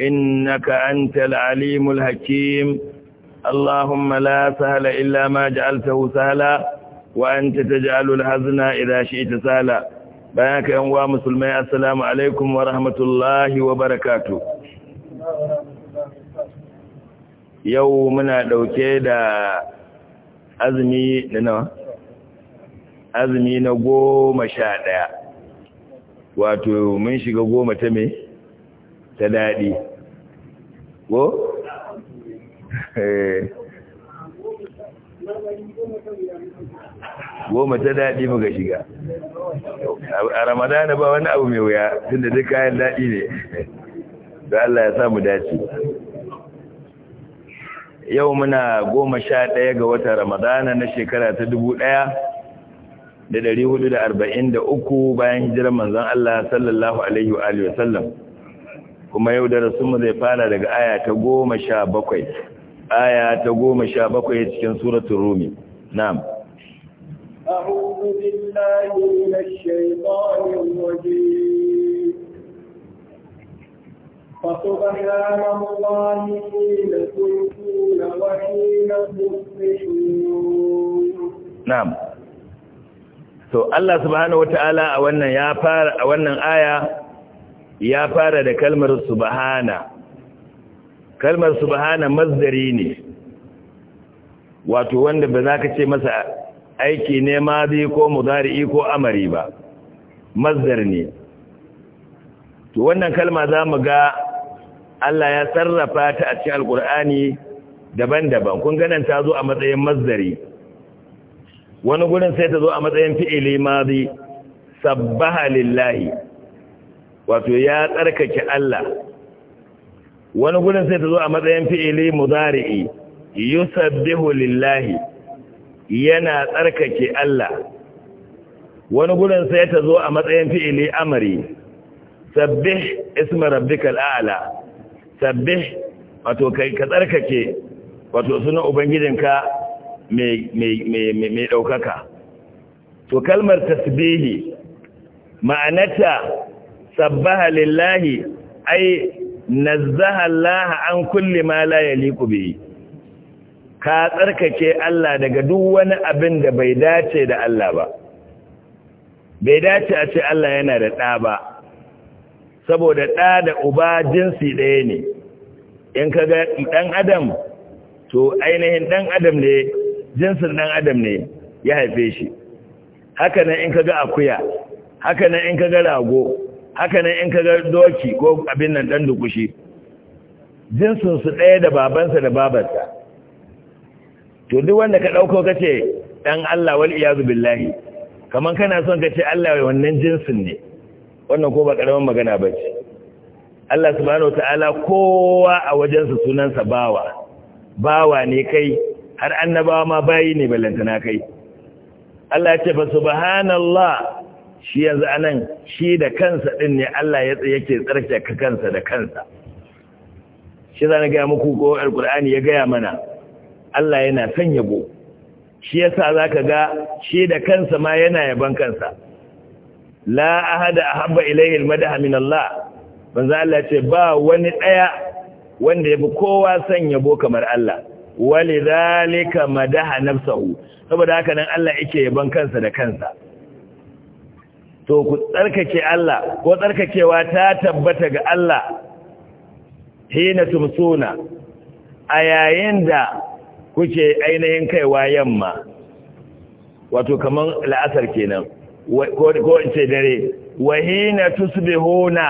إنك أنت العليم الحكيم اللهم لا سهل إلا ما جعلته سهلا وأنت تجعل الحزن إذا شئت سهلا بياك أنواع مسلمين السلام عليكم ورحمة الله وبركاته يومنا لو كيدا أزمي لنا أزمي نقوم شادا واتو منشق قوم تمي ta daɗi ko? Eh. goma ta daɗi muka shiga a ramadana ba wani abu mai wuya tun da duk kayan daɗi ne da Allah ya samu dace yau muna goma sha ɗaya ga wata ramadana na shekara ta dubu ɗaya da ɗari hudu da arba'in da uku bayan hijirar manzan Allah sallallahu alaihi wa sallam kuma yau da mu zai fara daga aya ta goma sha bakwai aya ta goma sha bakwai cikin suratun rumi na'am da فسبحان الله حين تمسون وحين تصبحون نعم so Allah subhanahu wataala a wannan ya fara a wannan aya ya fara da kalmar subhana kalmar subhana mazdari ne wato wanda ba za ka ce masa aiki ne mazi ko mudari'i ko amari ba mazdar ne to wannan kalma za mu ga Allah ya sarrafa ta a cikin alkur'ani daban-daban kun ganin ta zo a matsayin mazdari wani gurin sai ta zo a matsayin fi'ili mazi sabbaha lillahi wato ya tsarkake Allah wani gudun sai ta zo a matsayin fi'ili muzari'i yusabbihu lillahi yana tsarkake Allah wani gudun sai ta zo a matsayin fi'ili amari sabbih isma rabbikal a'la sabbih wato kai ka tsarkake wato sunan ubangijinka mai mai daukaka to kalmar tasbihi ma'anata sabbaha lillahi ai nazzaha Allah an kulli ma la yaliqu bihi ka tsarkake Allah daga duk wani abin da bai dace da Allah ba bai dace a ce Allah yana da ɗa ba saboda ɗa da uba jinsi ɗaya ne in ka ga ɗan adam to ainihin ɗan adam ne jinsin ɗan adam ne ya haife shi haka nan in ka ga akuya haka nan in ka ga rago haka nan in kaga doki ko abin nan dan dukushi jinsin su ɗaya da babansa da babarsa to duk wanda ka ɗauko ka ce ɗan Allah wal iyazu billahi kaman kana son ka ce Allah wai wannan jinsin ne wannan ko ba ƙaramin magana ba ce Allah subhanahu ta'ala kowa a wajensa sunansa bawa bawa ne kai har annabawa ma bayi ne ballantana kai Allah ya ce fa subhanallah shi yanzu anan shi da kansa ɗin ne Allah ya yake ka kansa da kansa shi zan ga muku ko alqur'ani ya gaya mana Allah yana son yabo shi yasa zaka ga shi da kansa ma yana yaban kansa la ahada ahabba ilayhi almadha min Allah banza Allah ce ba wani ɗaya wanda yafi kowa son yabo kamar Allah walidhalika madaha nafsuhu saboda haka nan Allah yake yaban kansa da kansa to ku tsarkake Allah ko tsarkakewa ta tabbata ga Allah hina tumsuna a yayin da kuke ainihin kaiwa yamma wato kaman la'asar kenan ko in ce dare hina tusbihuna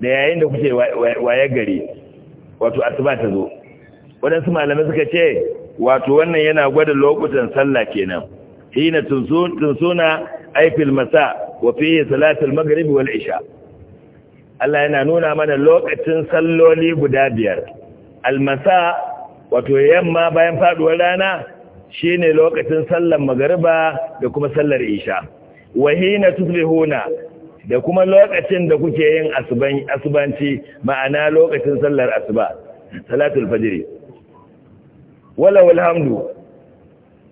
da yayin da kuke waye gari wato asuba ta zo waɗansu malamai suka ce wato wannan yana gwada lokutan sallah kenan hina tunsuna ay fil masa wa fi salatul maghrib wal isha Allah yana nuna mana lokacin salloli guda biyar almasa wato yamma bayan faduwar rana shine lokacin sallar magriba da kuma sallar isha wahina tuslihuna da kuma lokacin da kuke yin asubanci ma'ana lokacin sallar asuba salatul fajr wala walhamdu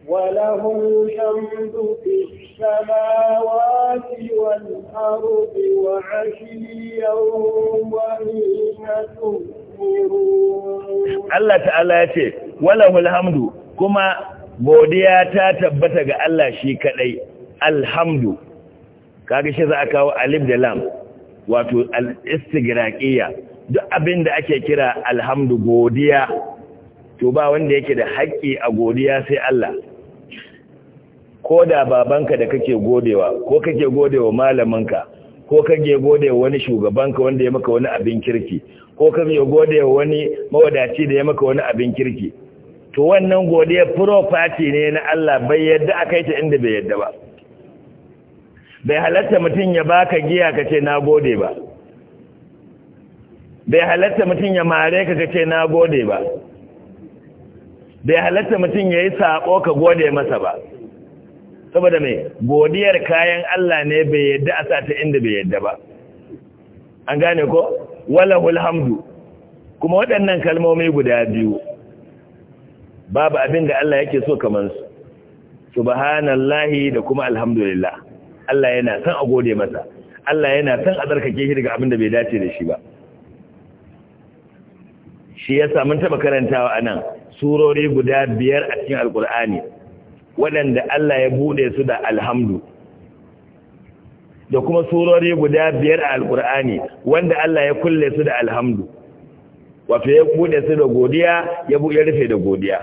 وله الحمد في السماوات والأرض وعشيا وحين تظهرون الله تعالى يتي وله الحمد كما godiya ta tabbata ga Allah shi kadai alhamdu kaga shi za a kawo alif da lam wato al duk abin da ake kira alhamdu godiya to ba wanda yake da haƙƙi a godiya sai Allah ko da babanka da kake godewa ko kake godewa malaminka ko kake godewa wani shugabanka wanda ya maka wani abin kirki ko kake godewa wani mawadaci da ya maka wani abin kirki to wannan godiya property ne na Allah bai yadda akai ta inda bai yadda ba bai halatta mutum ya baka giya ka ce na gode ba bai halatta mutum ya mare ka ka ce na gode ba bai halatta mutum ya yi saƙo ka gode masa ba saboda mai godiyar kayan Allah ne bai yadda a sata inda bai yadda ba an gane ko walahul hamdu kuma waɗannan kalmomi guda biyu babu abin da Allah yake so kamar su subhanallahi da kuma alhamdulillah Allah yana son a gode masa Allah yana san a tsarkake shi daga abin da bai dace da shi ba shi ya samun taba karantawa nan. surori guda biyar a cikin alkur'ani waɗanda Allah ya buɗe su da alhamdu da kuma surori guda biyar a alƙur'ani wanda Allah ya kulle su da alhamdu wato ya buɗe su da godiya ya buɗe rufe da godiya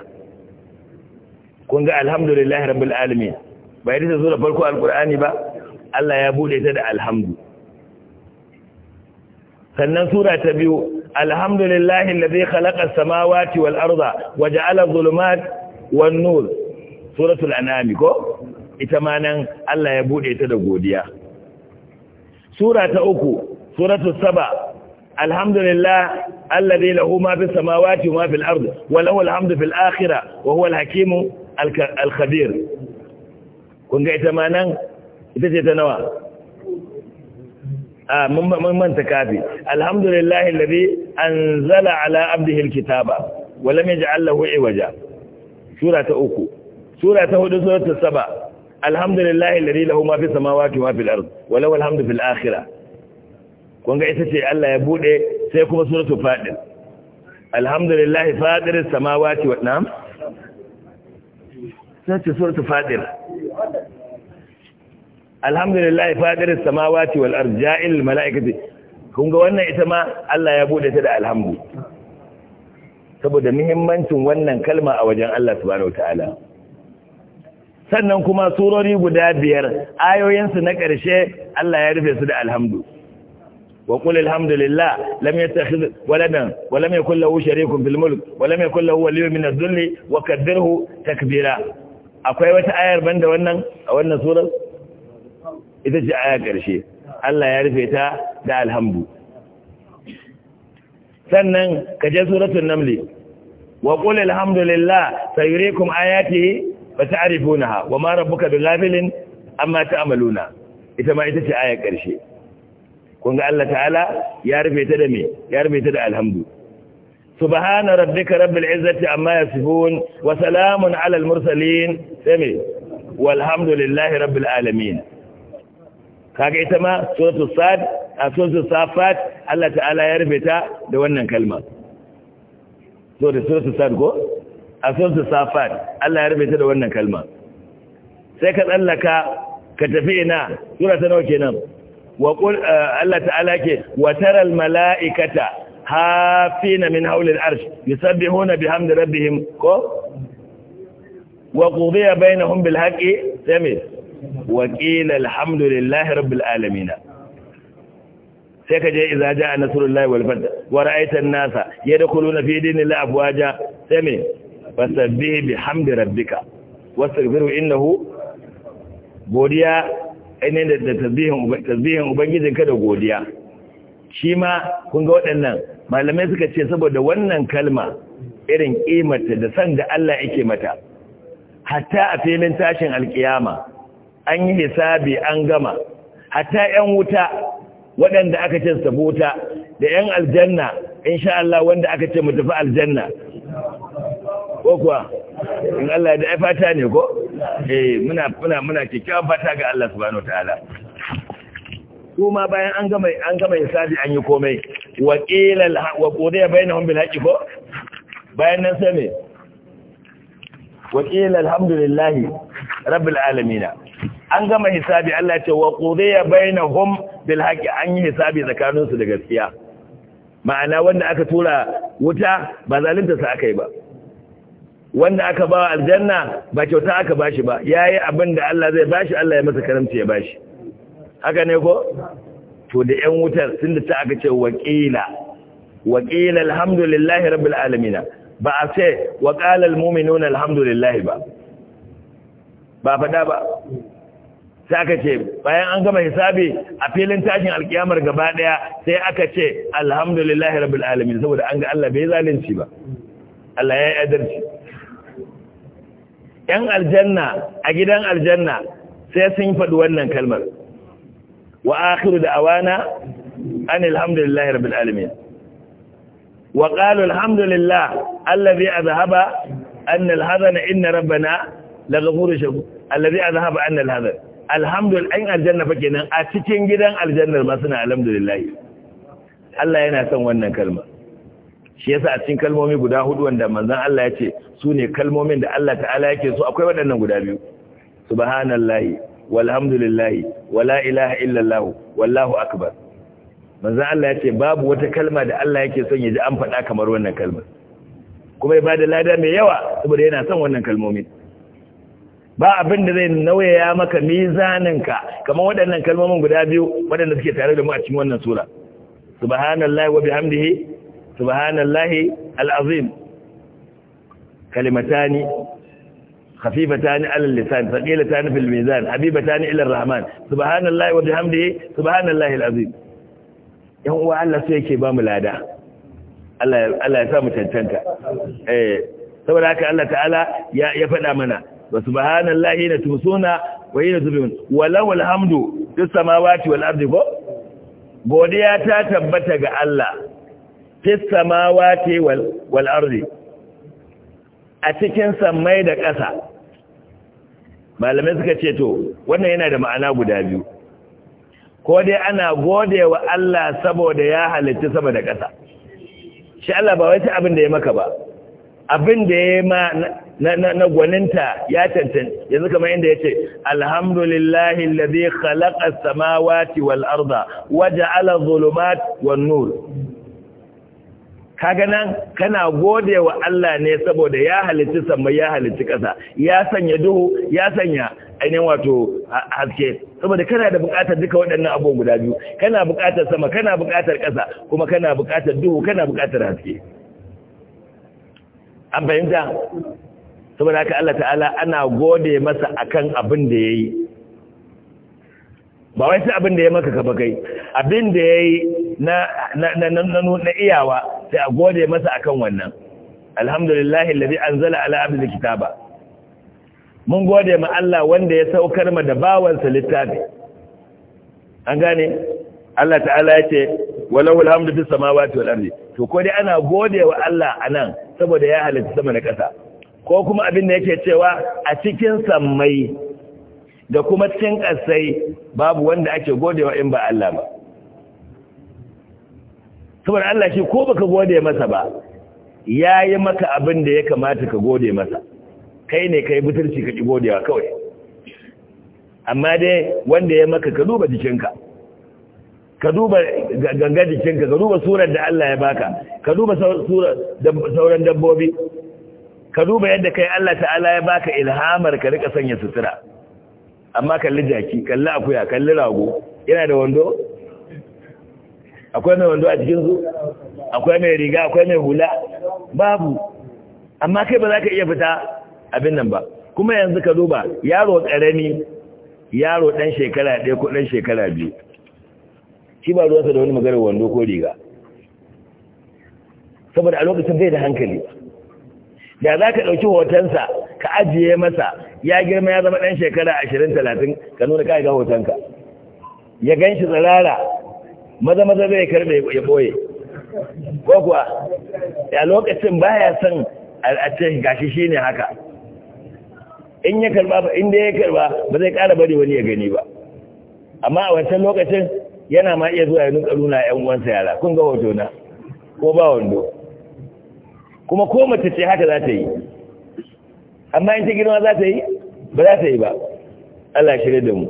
kun ga alhamdulillahi rabbil alamin bai rita sura farko alƙur'ani ba Allah ya buɗe ta da alhamdu sannan sura ta biyu alhamdulillahi alladhi khalaqa as-samawati wal arda wa ja'ala adh-dhulumati wan-nur suratul anami ko ita ma nan Allah ya bude ta da godiya sura ta uku suratul saba alhamdulillah alladhi lahu ma fis samawati wa ma fil ardi wa lahu alhamdu fil akhirah wa huwa al-hakim al-khabir kun ga ita ma nan ita ce ta nawa a ah, mun ta kafi alhamdulillah alladhi anzala ala abdihi alkitaba wa lam yaj'al lahu iwaja sura ta uku sura ta hudu suratul saba alhamdulillahi alladhi lahu ma fi samawati wa fil ard wa lahu ita ce Allah ya bude sai kuma suratul fadil alhamdulillahi fadiris samawati wa nam sai ce suratul alhamdulillahi fadiris samawati wal ard ja'il malaikati wannan ita ma Allah ya ta da alhamdu saboda muhimmancin wannan kalma a wajen Allah subhanahu wataala sannan kuma surori guda biyar ayoyinsu na ƙarshe Allah ya rufe su da alhamdu wa qul alhamdulillah lam yattakhidh waladan wa lam yakul lahu sharikun fil mulk wa lam yakul lahu waliyyun min adh-dhilli wa kaddirhu takbira akwai wata ayar banda wannan a wannan surar ita ce aya ƙarshe Allah ya rufe ta da alhamdu sannan kaje suratul naml wa qul alhamdulillah sayuriikum ayatihi ba ta arifunaha wa ma rabbuka bi ghafilin amma ta'maluna ita ma ita ce ayar ƙarshe. kun ga Allah ta'ala ya rufe ta da me ya rufe ta da alhamdu subhana rabbika rabbil izzati amma yasifun wa salamun alal mursalin sai me walhamdulillahi rabbil alamin kaga ita ma suratul sad a suratul safat Allah ta'ala ya rufe ta da wannan kalma so da suratul sad ko asamsu safat Allah ya rubuta da wannan kalma sai ka tsallaka ka tafi ina sura ta nawa kenan wa qul eh, Allah ta'ala ke wa taral malaikata hafina min hawli al-arsh yusabbihuna bihamdi rabbihim ko wa qudiya bainahum bil haqqi sami wa qila alhamdulillahi rabbil alamin sai ka je idza jaa nasrullahi wal fath wa ra'aita an-nasa yadkhuluna fi dinillahi afwaja sami fasabbihi bihamdi rabbika wastaghfiru innahu godiya ne da tasbihin tasbihin ka da godiya shi ma kun ga waɗannan malamai suka ce saboda wannan kalma irin ƙimarta da san da Allah yake mata hatta a filin tashin alkiyama an yi hisabi an gama hatta 'yan wuta waɗanda aka ce su da 'yan aljanna insha Allah wanda aka ce mu tafi aljanna ko kuwa in Allah da ya fata ne ko eh muna muna muna kikkiawan fata ga Allah subhanahu wataala kuma bayan an gama an gama hisabi an yi komai wa qila wa qudiya bainahum bil haqqi ko bayan nan sai me wa qila alhamdulillahi rabbil alamin an gama hisabi Allah ce wa qudiya bainahum bil haqqi an yi hisabi tsakaninsu da gaskiya ma'ana wanda aka tura wuta ba zalunta sa akai ba wanda aka ba aljanna ba kyauta aka bashi ba yayi abin da Allah zai bashi Allah ya masa karamci ya bashi haka ne ko to da 'yan wutar sun da ta aka ce waƙila, waƙila alhamdulillahi rabbil alamina, ba a ce waqala almu'minuna alhamdulillahi ba ba fada ba Ta aka ce bayan an gama hisabi a filin tashin alkiyamar gaba ɗaya, sai aka ce alhamdulillahi rabbil alamina saboda an ga Allah bai zalunci ba Allah ya yi adalci ‘yan aljanna a gidan aljanna sai sun faɗi wannan kalmar wa akhiru da awana an alhamdulillah rabbil alamin wa qalu alhamdulillah allazi azhaba anna alhazana inna rabbana laghafurun shakur allazi azhaba anna alhazana alhamdulillah an aljanna fa kenan a cikin gidan aljannar ma suna alhamdulillah Allah yana son wannan kalmar shi yasa a cikin kalmomi guda hudu wanda manzon Allah ya ce su ne kalmomin da Allah ta'ala yake so akwai waɗannan guda biyu subhanallahi walhamdulillahi wala ilaha illallah wallahu akbar manzon Allah ya ce babu wata kalma da Allah yake son ya ji an faɗa kamar wannan kalmar kuma ya bada lada mai yawa saboda yana son wannan kalmomin ba abin da zai nauyaya maka mizaninka kamar waɗannan kalmomin guda biyu waɗanda suke tare da mu a cikin wannan sura subhanallahi wa bihamdihi subhanallahi al'azim kalimatani خفيفتان على اللسان ثقيلتان في الميزان حبيبتان إلى الرحمن سبحان الله وبحمده سبحان الله العظيم yan uwa Allah sai yake ba mu lada Allah ya sa mu tantanta eh saboda haka Allah ta'ala ya ya faɗa mana wa subhanallahi na tusuna wa yana tubun walau alhamdu fis samawati wal ardi godiya ta tabbata ga Allah fis samawati wal wal ardi a cikin sammai da ƙasa malamai suka ce to wannan yana da ma'ana guda biyu ko dai ana gode wa Allah saboda ya halitta sama da ƙasa shi Allah ba wata abin da ya maka ba abin da ya ma na gwaninta ya tantance yanzu kamar inda ya ce alhamdulillahi alladhi khalaqa as-samawati wal arda wa ja'ala adh-dhulumati wan-nur kaga nan kana gode wa Allah ne saboda ya halitta sama ya halitta ƙasa ya sanya duhu ya sanya ainihin wato haske saboda kana da buƙatar duka waɗannan abubuwa guda biyu kana buƙatar sama kana buƙatar ƙasa kuma kana buƙatar duhu kana buƙatar haske an fahimta saboda haka Allah ta'ala ana gode masa akan abin da ya yi ba wai sai abin da ya maka kafa kai abin da ya yi na iyawa sai a gode masa akan wannan Alhamdulillah, allazi anzala ala abdi kitaba mun gode ma Allah wanda ya saukar ma da bawansa littafi an gane Allah ta'ala ya ce walahu alhamdu fis samawati wal ardi to ko dai ana gode wa Allah anan saboda ya halitta sama da kasa ko kuma abin da yake cewa a cikin sammai da kuma cikin ƙasai babu wanda ake godewa in ba Allah ba saboda Allah shi ko baka gode masa ba ya yi maka abin da ya kamata ka gode masa kai ne kai butulci ka ki godewa kawai amma dai wanda ya maka ka duba jikinka ka duba ganga jikinka ka duba surar da Allah ya baka ka duba sauran dabbobi ka duba yadda kai Allah ta'ala ya baka ilhamar ka rika sanya sutura amma kalli jaki kalli akuya kalli rago yana da wando akwai mai wando a cikinsu akwai mai riga akwai mai hula babu amma kai ba za ka iya fita abin nan ba kuma yanzu ka duba yaro ƙarami yaro ɗan shekara ɗaya ko ɗan shekara biyu shi ba ruwansa da wani maganar wando ko riga saboda a lokacin bai da hankali da za ka ɗauki hotonsa ka ajiye masa ya girma ya zama ɗan shekara ashirin talatin ka nuna ka ga hotonka ya ganshi shi maza maza zai karbe ya boye ko kuwa ya lokacin baya son san al'adun gashi ne haka in ya karba ba inda ya karba ba zai kara bari wani ya gani ba amma a wancan lokacin yana ma iya zuwa ya nuka nuna yan uwansa yara kun ga hoto na ko ba wando kuma ko mace ce haka za ta yi amma in ta girma za ta yi ba za ta yi ba Allah shirye da mu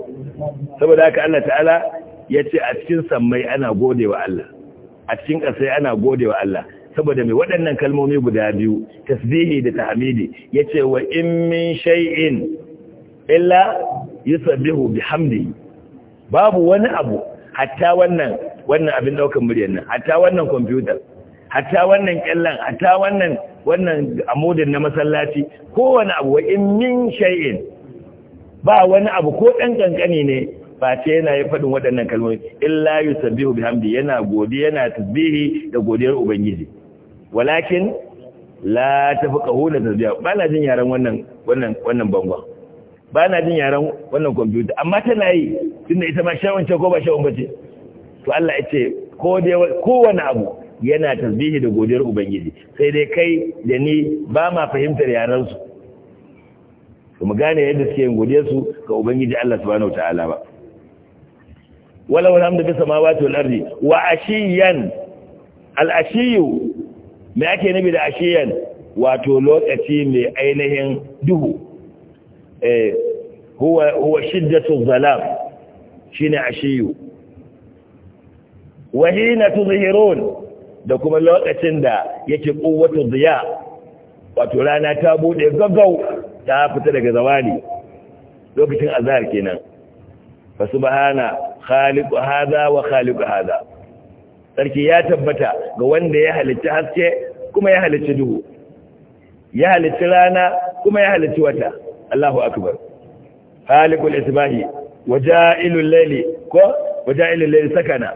saboda haka Allah ta'ala ya ce a cikin sammai ana gode wa Allah a cikin ƙasai ana gode wa Allah saboda mai waɗannan kalmomi guda biyu tasbihi da tahmidi ya ce wa in min shay'in illa yusabbihu bihamdihi babu wani abu hatta wannan wannan abin daukan muryar nan hatta wannan kwamfutar, hatta wannan kyallan hatta wannan wannan amudin na masallaci kowane abu wa in min shay'in ba wani abu ko ɗan kankani ne ce yana yi faɗin waɗannan kalmomi illa yusabbihu bihamdi yana godi yana tasbihi da godiyar ubangiji walakin la tafqahuna da bana jin na wannan yaren wannan bangon bana jin yaren wannan kwamfuta. amma tana yi da ita ma shawun ce ko ba shawun to Allah ce ko kowane abu yana tasbihi da godiyar ubangiji sai dai kai da ni ba ma fahimtar yaran su mu gane yadda suke yin godiyarsu ga ubangiji Allah subhanahu ta'ala ba wala wala amdu bis samawati wal wa ashiyan al ashiyu me ake nabi da ashiyan wato lokaci mai ainihin duhu eh huwa shiddatu zalam ne ashiyu wa hina da kuma lokacin da yake kuwwatu ziya? wato rana ta bude gaggau ta fita daga zawani. lokacin azahar kenan fa subhana khaliqu hadha wa khaliqu hadha sarki ya tabbata ga wanda ya halicci haske kuma ya halicci duhu ya halicci rana kuma ya halicci wata Allahu akbar khaliqul isbahi wa ja'ilul layli ko wa ja'ilul layli sakana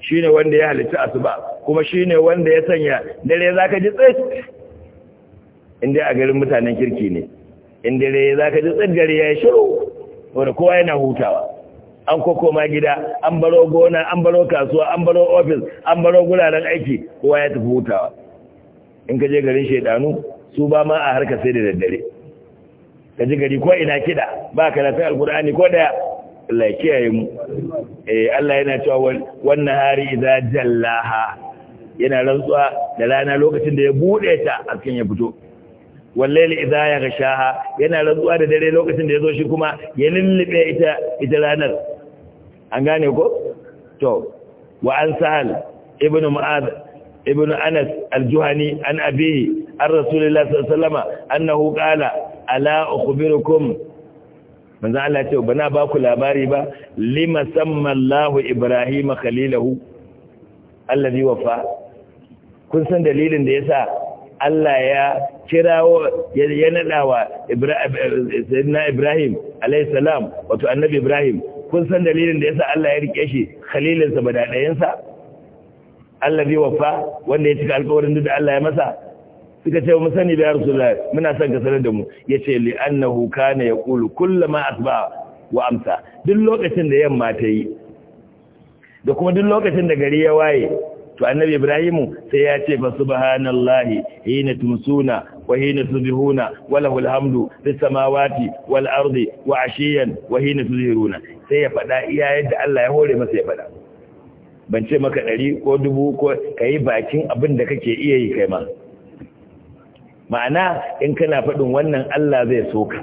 shine wanda ya halicci asuba kuma shine wanda ya sanya dare zaka ji tsaye inda a garin mutanen kirki ne inda dare zaka ji tsaye gari ya shiru wanda kowa yana hutawa an kokoma gida an baro gona an baro kasuwa an baro ofis an baro guraren aiki kowa ya tafi hutawa in ka je garin shaidanu su ba ma a harka sai da daddare ka ji gari ko ina kiɗa ba ka lafi alkur'ani ko daya Allah ya kiyaye mu eh Allah yana cewa wannan hari idza jallaha yana rantsuwa da rana lokacin da ya bude ta askin ya fito wallahi idza yaghshaha yana rantsuwa da dare lokacin da yazo shi kuma ya lullube ita ita ranar an gane ko to wa an sa'al ibn mu'adh ibnu anas al-juhani an abi an rasulullah sallallahu alaihi annahu qala ala ukhbirukum manzo Allah ce bana ba ku labari ba lima samma Allah Ibrahim khalilahu alladhi wafa kun san dalilin da yasa Allah ya kirawo ya nadawa Ibrahim alayhi salam wato annabi Ibrahim kun san dalilin da yasa Allah ya rike shi khalilinsa ba daɗayensa Allah zai wafa wanda ya cika alkawarin da Allah ya masa suka ce mu sani da ya muna son ka sanar da mu yace li annahu kana yaqulu kullama asba wa amsa duk lokacin da yamma ta yi da kuma duk lokacin da gari ya waye to annabi ibrahimu sai ya ce fa subhanallahi hina tumsuna wa hina tubihuna wa hamdu fis samawati wal ardi wa ashiyan wa hina tuzhiruna sai ya fada iya yadda Allah ya hore masa ya faɗa. ban ce maka ɗari ko dubu ko ka yi bakin abin da kake iya yi kai ma ma'ana in kana faɗin wannan Allah zai soka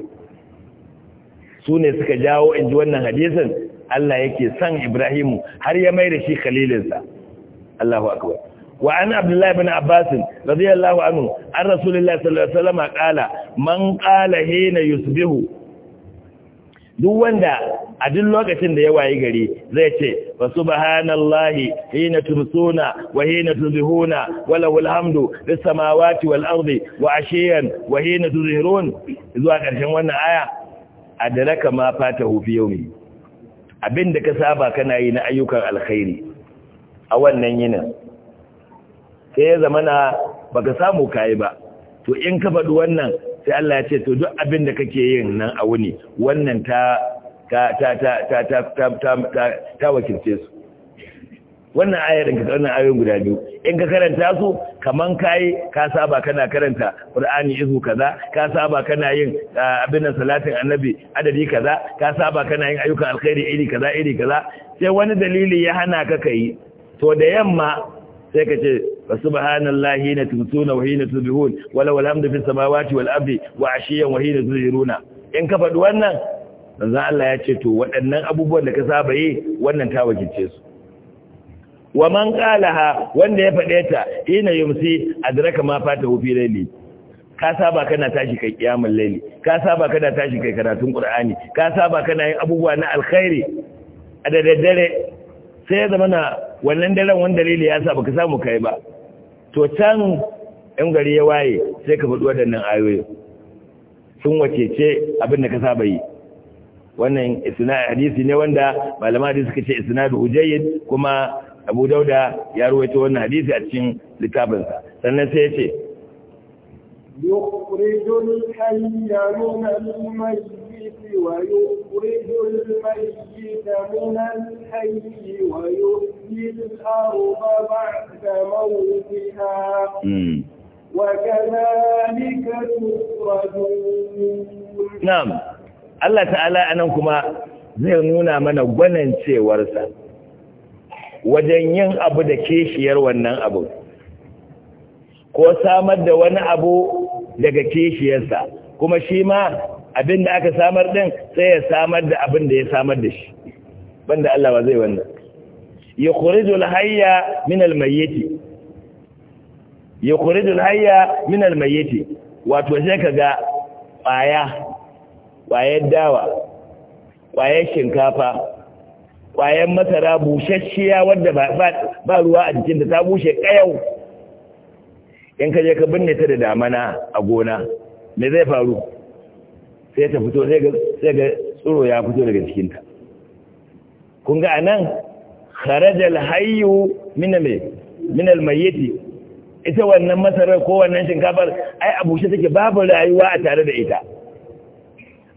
su ne suka jawo in ji wannan hadisin Allah yake san Ibrahimu har ya mai da shi khalilinsa Allahu akbar Wa عبد Abdullahi bin عباس رضي الله an عن رسول الله صلى الله man وسلم hina من duk wanda a duk lokacin da ya wayi gari zai ce wa subhanallahi hina tumsuna wa hina tuzhuna wa lahul hamdu lis samawati wal ardi wa ashiyan wa hina tuzhirun zuwa karshen wannan aya adraka ma fatahu fi yawmi abinda ka saba kana yi na ayyukan alkhairi a wannan yinin sai ya zama na ka samu kayi ba to in ka faɗi wannan sai Allah ya ce to duk abin da kake yin nan a wuni wannan ta ta ta ta ta ta ta wakilce su wannan ayar ka wannan ayoyin guda biyu in ka karanta su kaman kai ka saba kana karanta Qur'ani izu kaza ka saba kana yin abin nan salatin annabi adadi kaza ka saba kana yin ayyukan alkhairi iri kaza iri kaza sai wani dalili ya hana ka kai to da yamma sai ka ce فسبحان الله حين تمسون وحين تصبحون ولو الحمد في السماوات والأرض وعشيا وحين تظهرون إن كفد wannan? manzon Allah ya ce to waɗannan abubuwan da ka saba yi wannan ta wakilce su wa man qalaha wanda ya faɗe ta ina yumsi adraka ma fata hu fi layli ka saba kana tashi kai kiyamul laili? ka saba kana tashi kai karatun qur'ani ka saba kana yin abubuwa na alkhairi a da daddare sai ya zama na wannan daren wanda layli ya saba ka samu kai ba to can gari ya waye sai ka faɗi waɗannan ayoyi sun ce abin da ka saba yi wannan isna hadisi ne wanda malama hadisi suka ce isnad ujayyid kuma Abu Dauda ya ruwaito wannan hadisi a cikin littafinsa sannan sai ya ce يخرج الحي من الميت ويخرج الميت من الحي ويحيي الأرض بعد موتها وكذلك تخرجون نعم Allah ta'ala anan kuma zai nuna mana gwanan cewarsa wajen yin abu da keshiyar wannan abu ko samar da wani abu daga kishiyarsa kuma shi ma abin da aka samar ɗin, sai ya samar da abin da ya samar da shi banda Allah ba zai wannan yukhrijul hayya min al mayyit yukhrijul hayya min almayyati. wato sai kaga kwaya kwayar dawa kwayar shinkafa kwayan masara bushashshiya wadda ba ruwa a da ta bushe ƙayau. in ka je ka binne ta da damana a gona me zai faru sai ta fito sai ga tsoro ya fito daga cikinta kun ga anan kharajal hayyu min al min al mayyit ita wannan masarar ko wannan shinkafar ai shi take babu rayuwa a tare da ita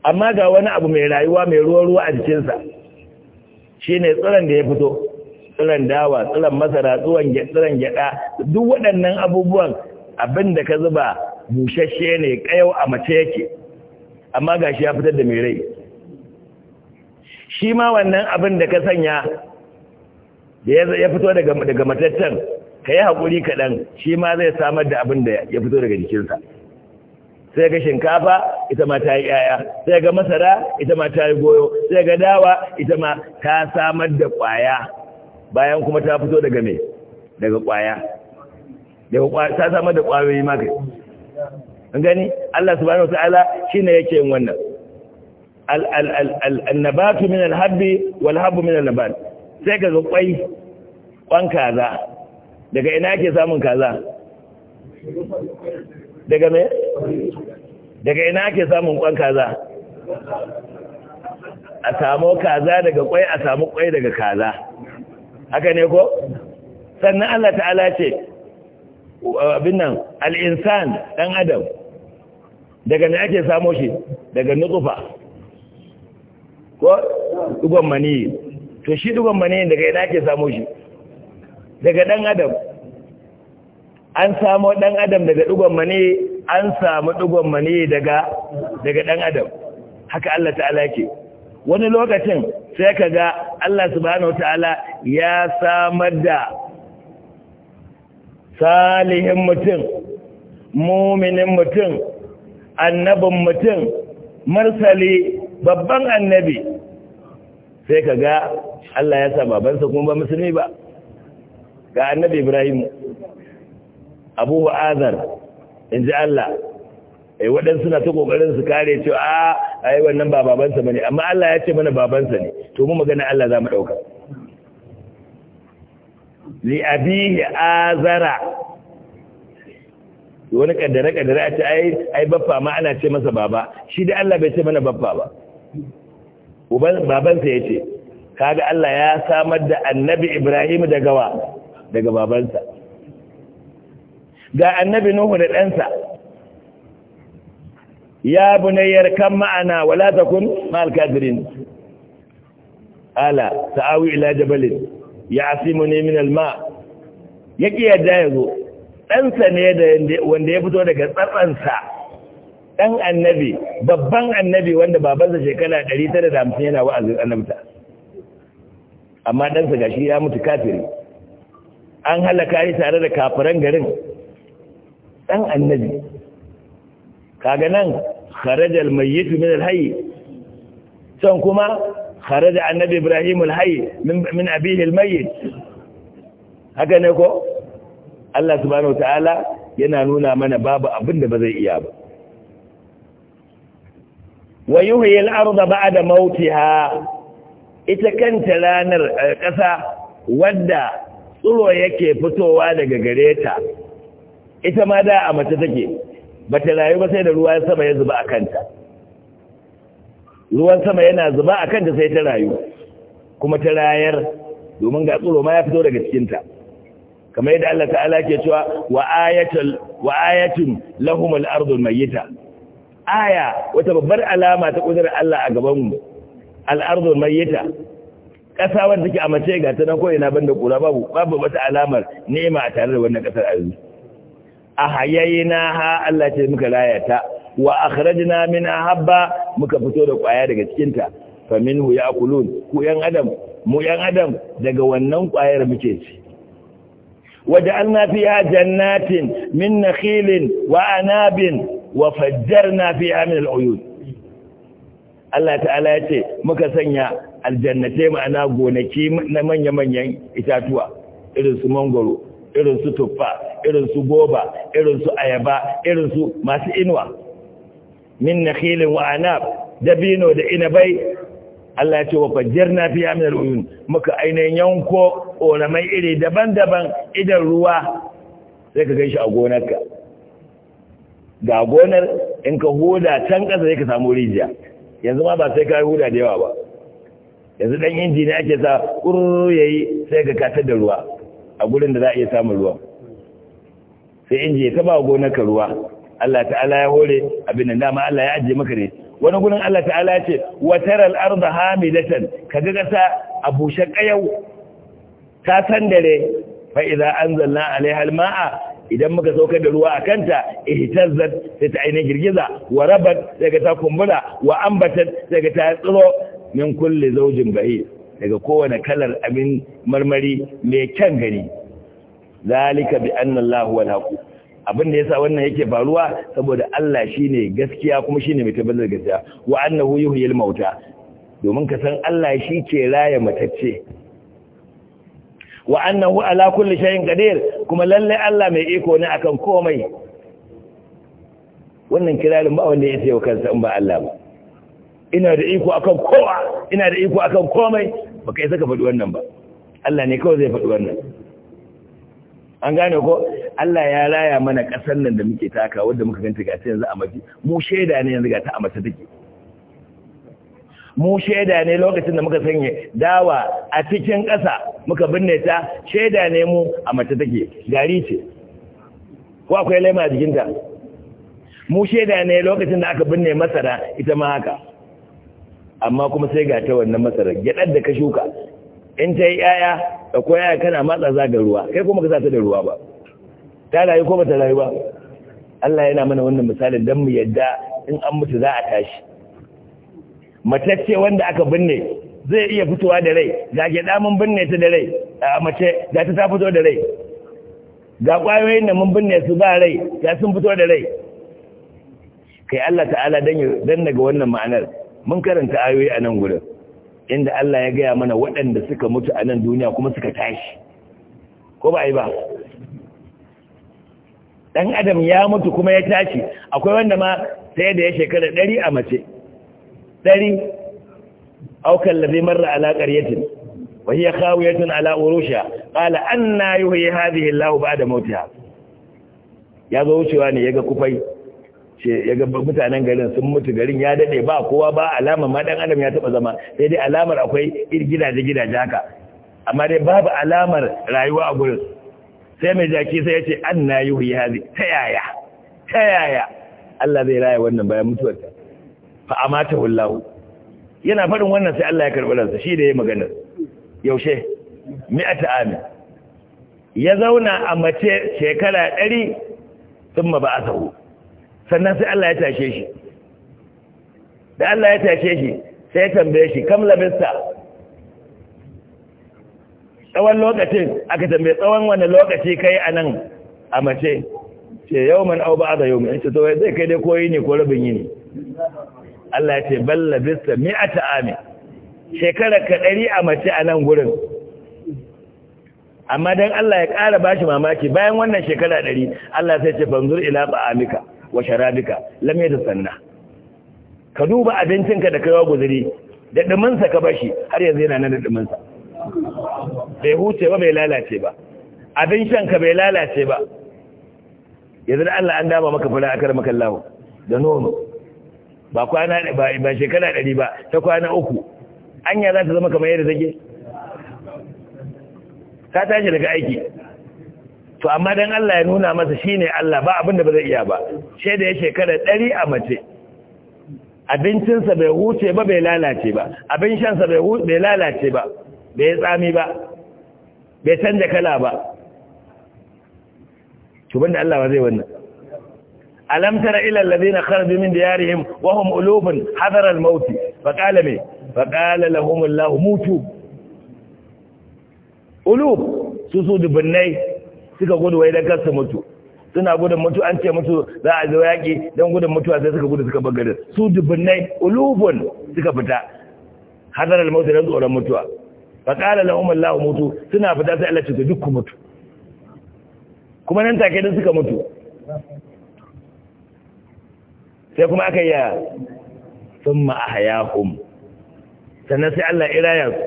amma ga wani abu mai rayuwa mai ruwa ruwa a jikinsa shine tsiron da ya fito tsiron dawa masara tsiran gyaɗa. duk waɗannan abubuwan abinda ka zuba bushashe ne kayau a mace yake amma gashi ya fitar da mere rai shi ma wannan abin da ka sanya da ya fito daga matattan ka yi haƙuri kaɗan shi ma zai samar da abin da ya fito daga jikinsa sai ga shinkafa ita ma ta yi yaya sai ga masara ita ma ta yi goyo sai ga dawa ita ma ta samar da ƙwaya bayan kuma ta fito daga mai daga ƙwaya ta samar da ƙwayoyi maka gani Allah subhanahu ta'ala shine yake yin wannan al al al al nabatu min al habbi wal habbu min al nabat sai ka ga kwai kwan kaza daga ina ake samun kaza daga me daga ina ake samun kwan kaza a samu kaza daga kwai a samu kwai daga kaza haka ne ko sannan Allah ta'ala ce abin nan al-insan dan adam daga ne ake samo shi daga nutsufa ko dugon maniyi to shi dugon maniyi daga ina ake samo shi daga dan adam an samo dan adam daga dugon maniyi an samu dugon maniyi daga daga dan adam haka Allah ta'ala yake wani lokacin sai kaga Allah subhanahu ta'ala ya samar da salihin mutum muminin mutum annabin mutum mursali babban annabi sai ka ga Allah ya sa babansa kuma ba musulmi ba ga annabi Ibrahim Abu Azar in ji Allah ai eh, waɗansu na ta kokarin su kare cewa a ai wannan ba babansa bane amma Allah ya ce mana babansa ne to mu magana Allah za mu dauka li abihi azara wani kaddare kaddare a ce ai ai baffa ma ana ce masa baba shi da Allah bai ce mana baffa ba uban ya yace kaga Allah ya samar da annabi Ibrahim daga wa daga babansa ga annabi Nuhu da ɗansa ya bunayyar kan ma'ana wala takun kun kafirin ala ta'awi ila jabalin ya asimu ne min alma yake yadda ya zo ɗansa ne wanda ya fito daga tsatsansa ɗan annabi babban annabi wanda babansa shekara 950 yana wa'azin annabta amma ɗansa shi ya mutu kafiri an halaka yi tare da kafiran garin ɗan annabi kaga nan kharajal yi min alhayi. can kuma kharaja annabi ibrahim alhayi, min abihi almayyit haka ne ko Allah subhanahu ta'ala yana nuna mana babu abin da ba zai iya ba wa yuhyil arda ba'da ha, ita kanta ranar eh, ƙasa wadda tsuro yake fitowa daga gareta, ita ma da a mace take ta rayu ba sai da ruwan sama ya zuba a kanta ruwan sama yana zuba a kanta sai ta rayu kuma ta rayar domin ga tsuro ma ya fito daga cikinta kamar yadda Allah ta'ala ke cewa wa ayatul wa ayatun lahum al-ardu mayyita aya wata babbar alama ta kudurar Allah a gaban mu al-ardu mayyita kasa wanda take mace ga ta nan ko ina banda kura babu babu wata alamar nema a tare da wannan kasar a yanzu ha Allah ce muka layata wa akhrajna minha habba muka fito da kwaya daga cikin ta faminhu ya'kulun ku yan adam mu yan adam daga wannan kwayar muke ci وجعلنا فيها جنات من نخيل وأناب وفجرنا فيها من العيون الله تعالى يتي مكسنيا الجنة معنا قونكي نمن يمن ين إتاتوا إرسو منغرو إرسو تفا إرسو بوبا إرسو أيبا إرسو ماسئنوا من نخيل وأناب دبينو دئنبي Allah ya ce wa fajjarna fi min al-uyun muka ainihin yanko oramai iri daban-daban idan ruwa sai ka gaishe a gonarka ga gonar in ka huda can ƙasa sai ka samu rijiya yanzu ma ba sai ka huda da yawa ba yanzu dan inji ne ake sa kurru yayi sai ka katar da ruwa a gurin da za a iya samun ruwa sai inji ya taba gonar ka ruwa Allah ta'ala ya hore abin da dama Allah ya ajiye maka ne wani gurin Allah ta'ala ce watar da hamidatan ka ga ƙasa a bushe ƙayau ta sandare fa idza anzalna alaiha alma'a idan muka saukar da ruwa a kanta ihtazzat sai ta ainihin girgiza wa rabat daga ta kumbula wa ambatat daga ta tsiro min kulle zaujin bahi daga kowane kalar abin marmari mai kyan gani zalika bi anna Allahu abin da yasa wannan yake faruwa saboda Allah shine gaskiya kuma shine mai tabbatar gaskiya wa annahu al mauta domin ka san Allah shi ke raya matacce wa annahu ala kulli shay'in qadir kuma lalle Allah mai iko ne akan komai wannan kiralin ba wanda ya sayo kansa in ba Allah ba ina da iko akan kowa ina da iko akan komai baka isa ka faɗi wannan ba Allah ne kawai zai faɗi wannan an gane ko Allah ya raya mana ƙasar nan da muke taka wadda muka ganta ga yanzu a mafi mu shaida ne yanzu ga ta a mace take mu shaida ne lokacin da muka sanya dawa a cikin ƙasa muka binne ta shaida ne mu a mace take gari ce ko akwai laima a jikinta mu shaida ne lokacin da aka binne masara ita ma haka amma kuma sai ga ta wannan masarar gyaɗar da ka shuka in ta yi 'ya'ya da yaya kana matsa za ga ruwa kai kuma ka sa ta da ruwa ba ta rayu ko ta rayu ba Allah yana mana wannan misalin dan mu yadda in an mutu za a tashi matacce wanda aka binne zai iya fitowa da rai ga gyaɗa mun binne ta da rai a mace ga ta ta fito da rai ga ƙwayoyin da mun binne su ba rai ga sun fito da rai kai Allah ta'ala dan daga wannan ma'anar mun karanta ayoyi a nan gurin inda Allah ya gaya mana waɗanda suka mutu a nan duniya kuma suka tashi ko ba yi ba ɗan adam ya mutu kuma ya tashi akwai wanda ma sai da ya shekara ɗari a mace ɗari aukan lafi marar alaƙar yatin Wani ya kawo yatin ala'urusha ƙala an na yi yi hazihin lahu ba da mutu ya zo wucewa ne ya ga kufai ya ga mutanen garin sun mutu garin ya dade ba kowa ba alama ma dan adam ya taba zama sai dai alamar akwai gidaje gidaje haka amma dai babu alamar rayuwa a gurin sai mai jaki sai ya ce an na yi ta yaya ta yaya Allah zai raya wannan bayan mutuwar ta fa amata wallahu yana faɗin wannan sai Allah ya karɓi ransa shi da ya magana yaushe mi'ata amin ya zauna a mace shekara ɗari sun ba a sahu sannan sai Allah ya tashe shi da Allah ya tashe shi sai ya tambaye shi kam labista tsawon lokacin aka tambaye tsawon wani lokaci kai a nan a mace ce yau man au ba'a yau mai ce tsawai zai kai dai koyi ne ko rabin yi ne Allah ya ce labista bista mi'ata amin shekara ka ɗari a mace a nan gurin amma don Allah ya ƙara ba shi mamaki bayan wannan shekara ɗari Allah sai ce fanzur ila ba'amika wa sharabika lam yatasanna ka duba abincinka da kaiwa guzuri da sa ka bashi har yanzu yana nan da sa bai huce ba bai lalace ba abin ka bai lalace ba yanzu da Allah an dama maka fara akar maka lawo da nono ba kwana ba ba shekara 100 ba ta kwana uku anya za ta zama kamar yadda take ka tashi daga aiki to amma dan Allah ya nuna masa shine Allah ba abin da ba zai iya ba sai da ya shekara 100 a mace abincinsa bai huce ba bai lalace ba abin shansa bai lalace ba bai tsami ba bai canza kala ba cuban da Allah ba zai wannan alam tara ila alladhina kharaju min diyarihim wa hum ulubun hadara al-maut fa qala me fa qala lahum Allah mutu ulub su su dubunnai suka gudu wai don kar mutu suna gudun mutu an ce mutu za a zo yaƙi don gudun mutuwa sai suka gudu suka bangare su dubbinai ulubun suka fita hadar al-mautu don tsoron mutuwa ba ƙara la'umar allah mutu suna fita sai Allah ce duk mutu kuma nan take don suka mutu sai kuma aka yi thumma ahyahum sannan sai Allah iraya su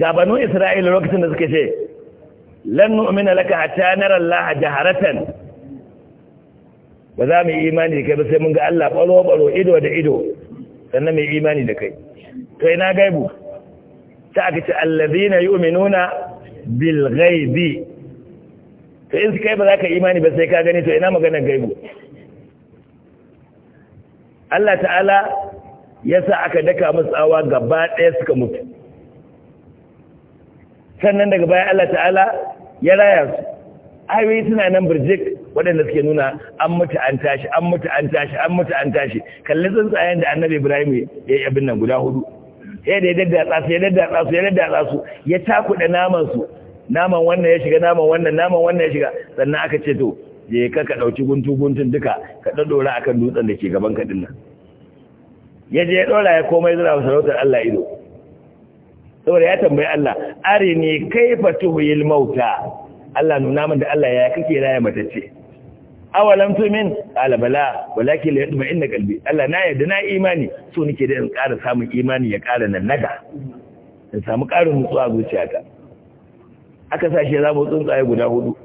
ga banu isra'ila lokacin da suka ce lan nu'mina laka hatta nara Allah jaharatan ba za mu yi imani da kai ba sai mun ga Allah baro baro ido da ido sannan mu yi imani da kai to ina gaibu ta aka ce allazina yu'minuna bil ghaibi to in kai ba za ka imani ba sai ka gani to ina magana gaibu Allah ta'ala ya sa aka daka musu awa gaba ɗaya suka mutu sannan daga baya Allah ta'ala ya raya su ayoyi suna nan birjik waɗanda suke nuna an mutu an tashi an mutu an tashi an mutu an tashi kalli tsuntsayen da annabi ibrahim ya yi abin nan guda hudu ya da ya daddatsa su ya daddatsa su ya daddatsa su ya takuɗa naman su naman wannan ya shiga naman wannan naman wannan ya shiga sannan aka ce to je ka ka ɗauki guntu guntun duka ka ɗaɗɗora akan dutsen da ke gaban kaɗin nan ya je ya ɗora ya komai zura sarautar Allah ido saboda ya tambayi Allah Ari kai kaifa tuhil mauta Allah nuna min da Allah ya kake raya matacce awalam tu'min qala bala walakin yatma inna qalbi Allah na yarda na imani so nake da in ƙara samun imani ya ƙara nan naga in samu ƙarin nutsuwa zuciyata aka sashi ya zama tsuntsaye guda hudu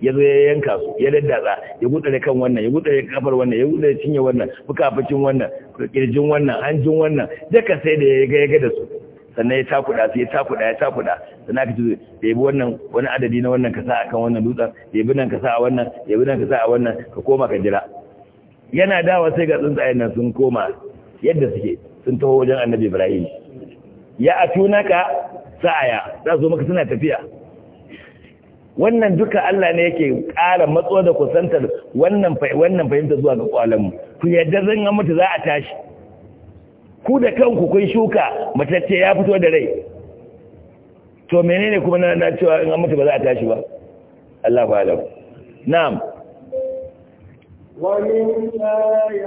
ya zo ya yanka su ya daddatsa ya gudare kan wannan ya gudare kafar wannan ya gudare cinye wannan fucin wannan kirjin wannan hanjin wannan duka sai da ya ga ya ga da su sannan ya takuda sai ya takuda ya takuda sannan aka ce da yabi wannan wani adadi na wannan ka sa akan wannan dutsen da yabi nan ka sa a wannan yabi nan ka sa a wannan ka koma ka jira yana dawa sai ga tsuntsayen nan sun koma yadda suke sun taho wajen annabi ibrahim ya ka sa'aya za su maka suna tafiya wannan duka Allah ne yake ƙara matso da kusantar wannan wannan fahimta zuwa ga kwalanmu ku yadda zan ga mutu za a tashi ku da kanku kun shuka matacce ya fito da rai to menene kuma na na cewa in an mutu ba za a tashi ba Allah ba alam na'am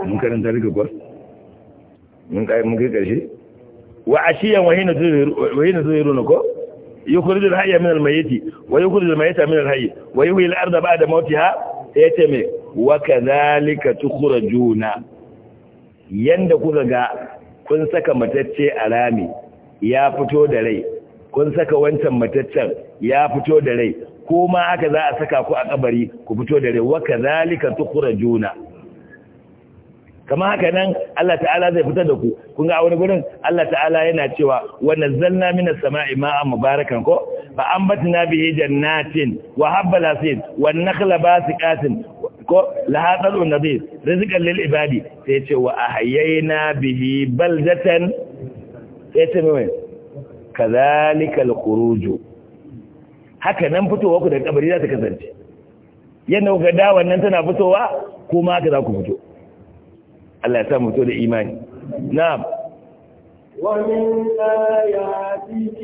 mun karanta daga ba mun kai mun kai karshe wa ashiyan wa hina zuhiru wa hina zuhiru ko yukhrijul hayya min al wa yukhrijul mayyita min alhayy wa yuhyi al ba'da mawtiha yace me wa kadhalika tukhrajuna yanda kuka ga kun saka matacce a rami ya fito da rai kun saka wancan mataccen ya fito da rai ko ma aka za a saka ku a kabari ku fito da rai wa tukura juna. kama haka nan Allah ta'ala zai fita da ku kun ga wani gurin Allah ta'ala yana cewa wa nazzalna minas sama'i ma'an mubarakan ko fa ambatna bihi jannatin wa habba lasin wa nakhla basiqatin ko lahatsar nazir rizikan lil ibadi sai ce wa ahyayna bihi baldatan sai ce mai kazalika al haka nan fitowa ku da kabari za ta kasance yanda ga da wannan tana fitowa kuma haka za ku fito Allah ya sa mu fito da imani na'am ومن آياته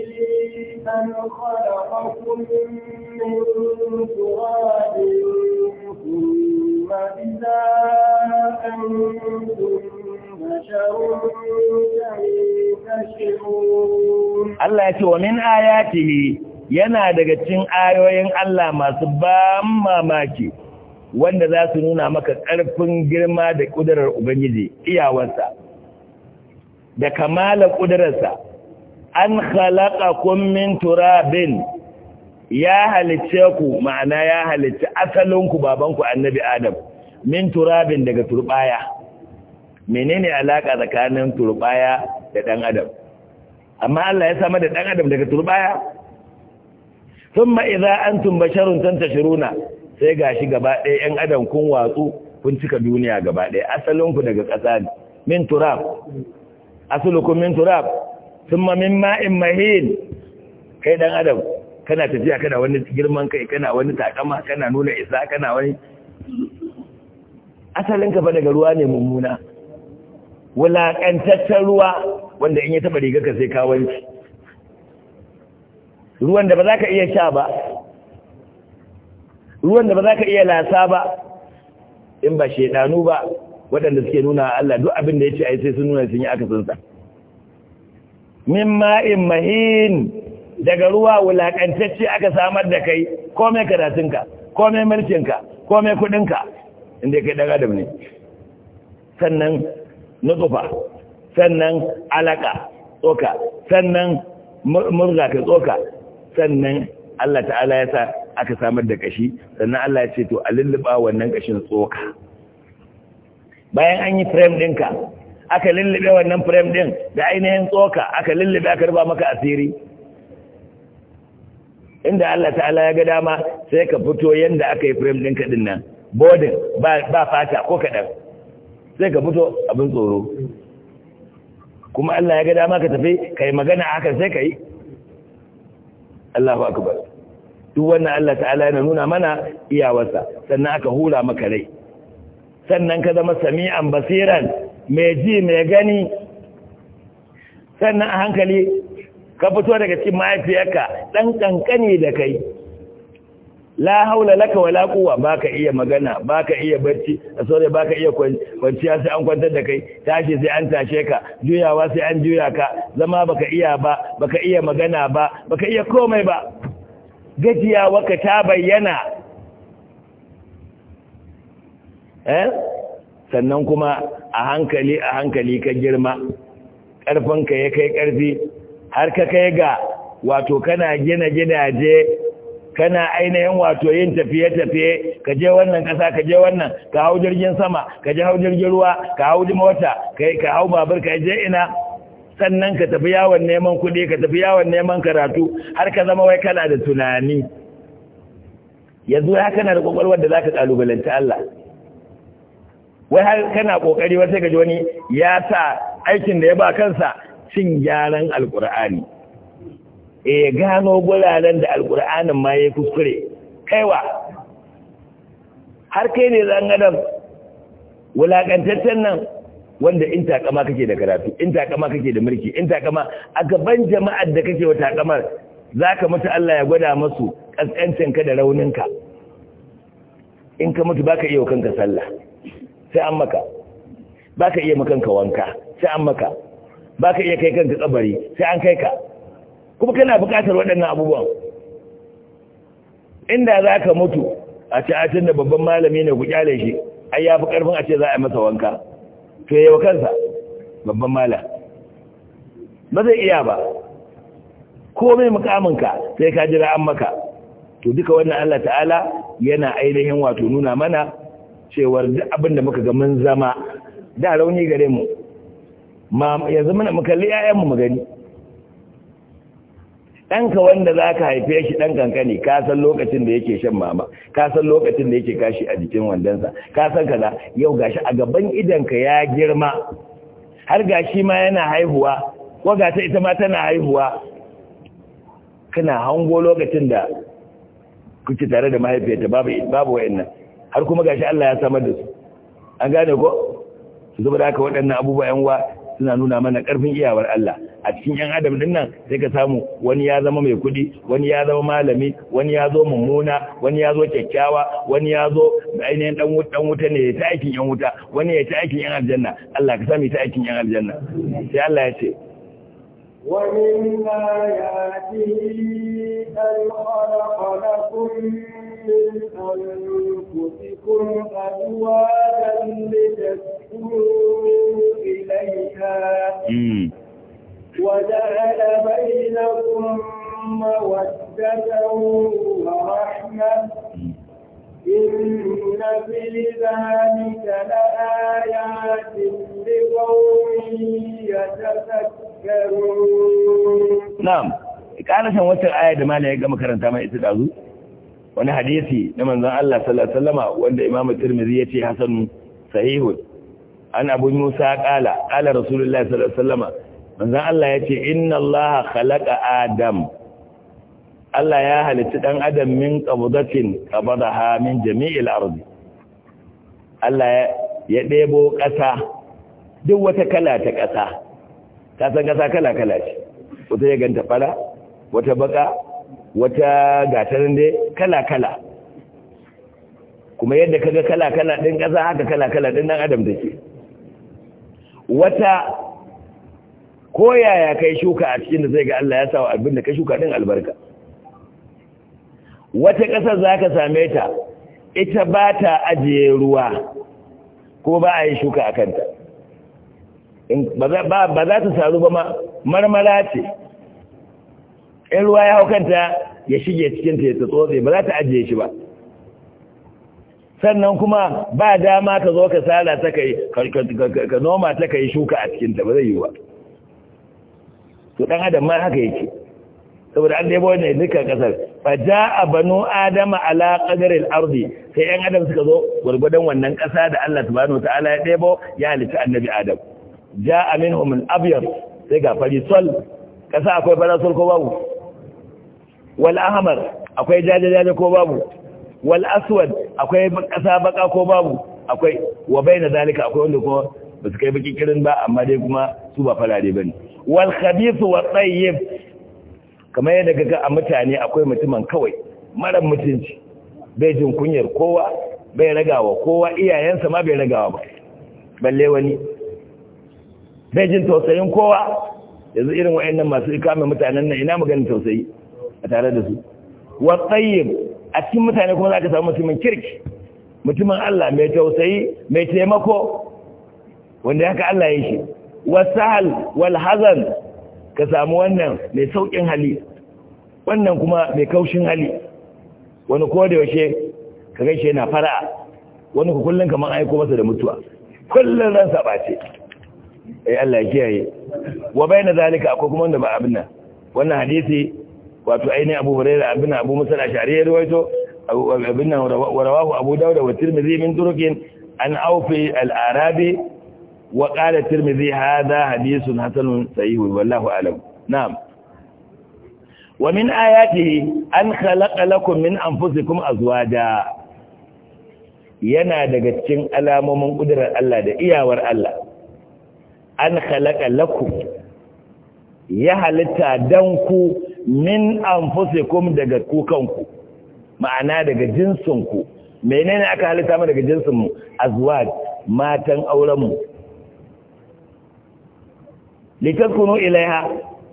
أن خلقكم من تراب Allah ya ce wa min ayatihi yana daga cikin ayoyin Allah masu ban mamaki wanda za su nuna maka ƙarfin girma da ƙudurar Ubangiji iyawarsa da kamala ƙudurarsa an halaka kun min turabin ya halicce ku ma'ana ya halicce asalinku babanku annabi adam min turabin daga turbaya menene alaka tsakanin turbaya da dan adam amma Allah ya samu da dan adam daga turbaya thumma idza antum basharun tantashiruna sai gashi gaba ɗaya yan adam kun watsu kun cika duniya gaba ɗaya asalinku daga ƙasa ne min turab asalukum min turab thumma min ma'in mahin kai dan adam kana tafiya kana wani girman kai kana wani takama kana nuna isa kana wani asalin ka fa daga ruwa ne mummuna wulaƙantaccen ruwa wanda in ya taɓa riga ka sai kawanci ruwan da ba za ka iya sha ba ruwan da ba za ka iya lasa ba in ba shaidanu ba waɗanda suke nuna Allah duk abin da ya ce a yi sai sun nuna sun yi aka sunsa min ma'in mahin daga ruwa wulaƙantacce aka samar da kai komai karatunka komai mulkinka komai kudinka inda kai daga adam ne sannan nutsufa sannan alaka tsoka sannan murza ka tsoka sannan Allah ta'ala ya sa aka samar da kashi sannan Allah ya ce to a lulluba wannan kashin tsoka bayan an yi frame ɗinka aka lullube wannan frame ɗin da ainihin tsoka aka lullube aka ruba maka asiri inda Allah ta'ala ya ga dama sai ka fito yanda aka yi frame ɗinka ɗin nan bodin ba fata ko kaɗan sai ka fito abin tsoro kuma Allah ya ga dama ka tafi ka yi magana haka sai ka yi Allahu akbar duk wannan Allah ta'ala yana nuna mana iyawarsa sannan aka hula maka rai sannan ka zama sami'an basiran mai ji mai gani sannan a hankali ka fito daga cikin mahaifiyarka ɗan kankani da kai la haula laka wala quwwa baka iya magana baka iya barci sore baka iya kwanciya sai an kwantar da kai tashi sai an tashe ka juyawa sai an juya ka zama baka iya ba baka iya magana ba baka iya komai ba gajiya waka ta bayyana eh sannan kuma a hankali a hankali ka girma ƙarfinka ya kai ƙarfi har ka kai ga wato kana gina gidaje kana ainihin wato yin tafiye-tafiye ka je wannan kasa ka je wannan ka hau jirgin sama ka je hau jirgin ruwa ka hau mota ka hau babur ka je ina sannan ka tafi yawon neman kuɗi ka tafi yawon neman karatu har ka zama wai kana da tunani yanzu ya kana da kwakwalwar da zaka ka Allah wai har kana ƙoƙari ka ji wani ya sa aikin da ya ba kansa cin gyaran alkur'ani e eh, gano guraren da alkur'anin ma ya kuskure kaiwa har kai ne zan adam wulakantaccen nan wanda in takama kake da karatu in takama kake da mulki in takama a gaban jama'ar da kake wa takamar za ka mutu Allah ya gwada masu ka da rauninka in ka mutu ba ka iya kanka sallah sai an maka ba ka iya makanka wanka sai an maka ba ka iya kai kanka kabari sai an kai ka kuma kana bukatar waɗannan abubuwan inda za ka mutu a ce a tun da babban malami ne ku kyale shi ai ya fi ƙarfin a ce za a masa wanka to yawa kansa babban mala ba zai iya ba ko mai ka, sai ka jira an maka to duka wannan Allah ta'ala yana ainihin wato nuna mana cewar abin da muka ga mun zama da rauni gare mu yanzu na makalli yayan mu gani ɗanka wanda za ka haife shi ɗan kankani ka san lokacin da yake shan mama ka san lokacin da yake kashi a jikin wandonsa ka san kaza yau gashi a gaban idanka ya girma har gashi ma yana haihuwa ko gata ita ma tana haihuwa kana hango lokacin da kuke tare da mahaifiyarta babu babu wayannan har kuma gashi Allah ya samar da su an gane ko saboda haka waɗannan abubuwa yan uwa suna nuna mana ƙarfin iyawar Allah a cikin ‘yan adam din nan sai ka samu wani ya zama mai kuɗi wani ya zama malami wani ya zo mummuna wani ya zo kyakkyawa wani ya zo ainihin ɗan wuta ne ya ta aikin ‘yan wuta wani ya ta aikin ‘yan aljanna Allah ka sami ta aikin ‘yan aljanna sai Allah ya ce ومن آياته أن Ina filin zane ta na'ayatun da yi wa wuri ya tafi da ma na ya gama karanta ma isa ɗazu? wani hadisi na manzan Allah sallallahu alaihi wasallama wanda Imam Tirmidhi yace hasan sahihun an Abu Musa qala qala Rasulullahi sallallahu alaihi wasallama manzon Allah inna Allah khalaqa Adam Allah ya halitta dan Adam min qabdatin qabadaha min jami'il ardi Allah ya debo kasa duk wata kala ta kasa ka san kasa kala kala ce wata ya ganta fara wata baka wata gatarin dai kala-kala kuma yadda kaga kala-kala ɗin ƙasa haka kala-kala ɗin nan adam da ke wata koyaya kai shuka a cikin da zai ga Allah ya sawa abin da ka shuka ɗin albarka wata ƙasar za ka same ta ita ba ta ajiye ruwa ko ba a yi shuka a kanta ba za ta saru ba marmara ce in ruwa ya hau kanta ya shige cikinta ya tsotse ba za ta ajiye shi ba sannan kuma ba dama ka zo ka sala ta kai ka noma ta kai shuka a cikinta ba zai yi ba to dan adam ma haka yake saboda an daibo ne duka kasar fa a banu adama ala qadri al-ardi sai yan adam suka zo gurgudan wannan kasa da Allah subhanahu wataala ya daibo ya halitta annabi adam jaa minhum al-abyad sai ga fari sol kasa akwai sol ko babu wal ahmar akwai jajajaje ko babu wal aswad akwai kasa baka ko babu akwai wa na zalika akwai wanda ko ba su kai baki kirin ba amma dai kuma su ba falare bane wal khabith wa tayyib kamar yadda kaga a mutane akwai mutumin kawai mara mutunci bai jin kunyar kowa bai ragawa kowa iyayensa ma bai ragawa ba balle wani bai jin tausayin kowa yanzu irin wayannan masu ikame mutanen nan ina maganin tausayi a tare da su wa a cikin mutane kuma za ka samu mutumin kirki mutumin Allah mai tausayi mai taimako wanda haka Allah ya shi wa sahal wal hazan ka samu wannan mai saukin hali wannan kuma mai kaushin hali wani ko da yaushe ka gaishe yana fara wani ku kullun an aiko masa da mutuwa kullun ran sa ce. ai eh, Allah ya kiyaye wa bayna zalika akwai kuma wanda ba abin nan wannan hadisi wato ainihin abu huraira abin abu musa da shari'a ya ruwaito abin nan warawahu abu dawo da wa tirmidhi min turukin an aufi al-arabi wa qala tirmidhi hadha hadithun hasanun sahih wallahu alam na'am wa min ayatihi an khalaqa lakum min anfusikum azwaja yana daga cikin alamomin kudurar Allah da iyawar Allah an khalaqa lakum ya halitta dan ku min anfusikum daga kukanku, ma'ana daga jinsinku menene aka halitta mu daga jinsinmu azwaj matan aurenmu litakunu ilaiha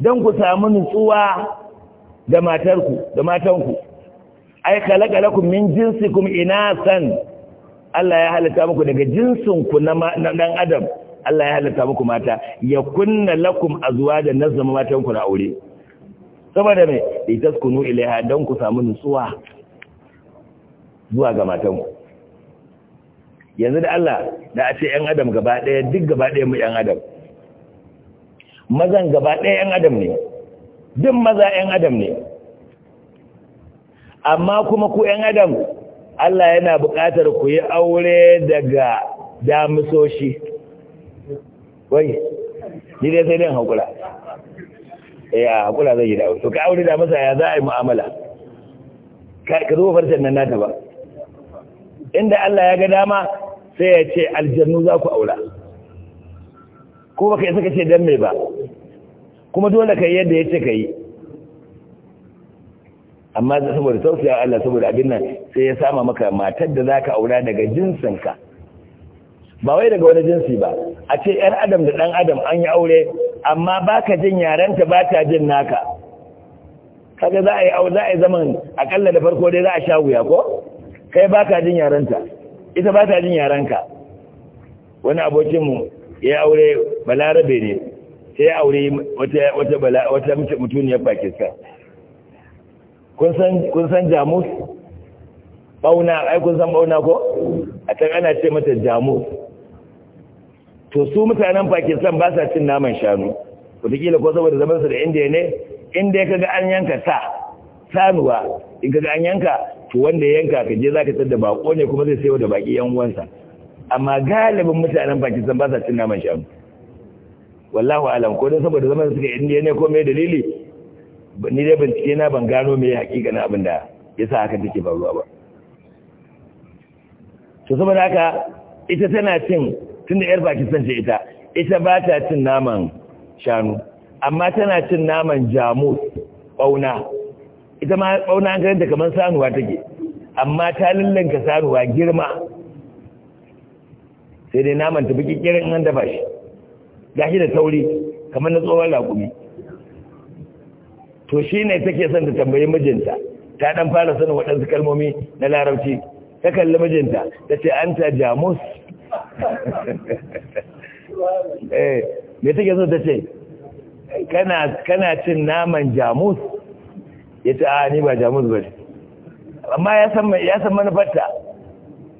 dan ku samu nutsuwa da matarku da matanku ai khalaqa lakum min jinsikum inasan Allah ya halitta muku daga jinsinku na dan adam Allah ya halitta muku mata ya kunna lakum azwajan nazama matanku na aure saboda mai litaskunu ilaiha don ku samu nutsuwa zuwa ga matanku yanzu da Allah da a ce ‘yan adam gaba ɗaya duk gaba ɗaya mu ‘yan adam mazan gaba ɗaya ‘yan adam ne duk maza ‘yan adam ne amma kuma ku ‘yan adam Allah yana buƙatar ku yi aure daga damisoshi wai ni dai sai dai hankula ya eh, hakura zai yi da to ka aure da masa ya za a yi mu'amala ka zo farcen nan nata ba inda Allah ya ga dama sai ya ce aljannu za ku aura ko baka yi suka ce dan me ba kuma dole ka yi yadda ya ce ka yi amma saboda tausaya Allah saboda abin nan sai ya sama maka matar da zaka aura daga jinsinka ba wai daga wani jinsi ba a ce ‘yan adam da ɗan adam an yi aure amma baka jin yarenta ba ta jin naka kaga za a yi za a yi zaman akalla da farko dai za a sha wuya ko kai baka jin yarenta ita ba ta jin yarenka wani abokinmu ya aure balarabe ne sai ya aure wata wata mutuniyar pakistan kun san jamus bauna ai kun san bauna ko a can ana ce mata jamus to su mutanen pakistan ba sa cin naman shanu wataƙila ko saboda su da inda ne inda ya kaga an yanka ta sanuwa in kaga an yanka to wanda ya yanka ka je za ka da bako ne kuma zai sayo da baki yan uwansa amma galibin mutanen pakistan ba sa cin naman shanu wallahu alam ko dan saboda zaman suka inda ne ko mai dalili ni dai bincike na ban gano me hakika na abin da yasa haka take faruwa ba to saboda haka ita tana cin tunda yar Pakistan ce ita ita ba ta cin naman shanu amma tana cin naman jamus bauna ita ma bauna an karanta kaman sanuwa take amma ta lallanka sanuwa girma sai dai naman ta biki kirin an dafa shi gashi da tauri kamar na tsohon lakumi to shine take son ta tambayi mijinta ta dan fara sanin waɗansu kalmomi na larabci ta kalli mijinta ta ce an ta jamus eh me take so ta ce kana kana cin naman jamus yace a ni ba jamus ba ne amma ya san ya san manufarta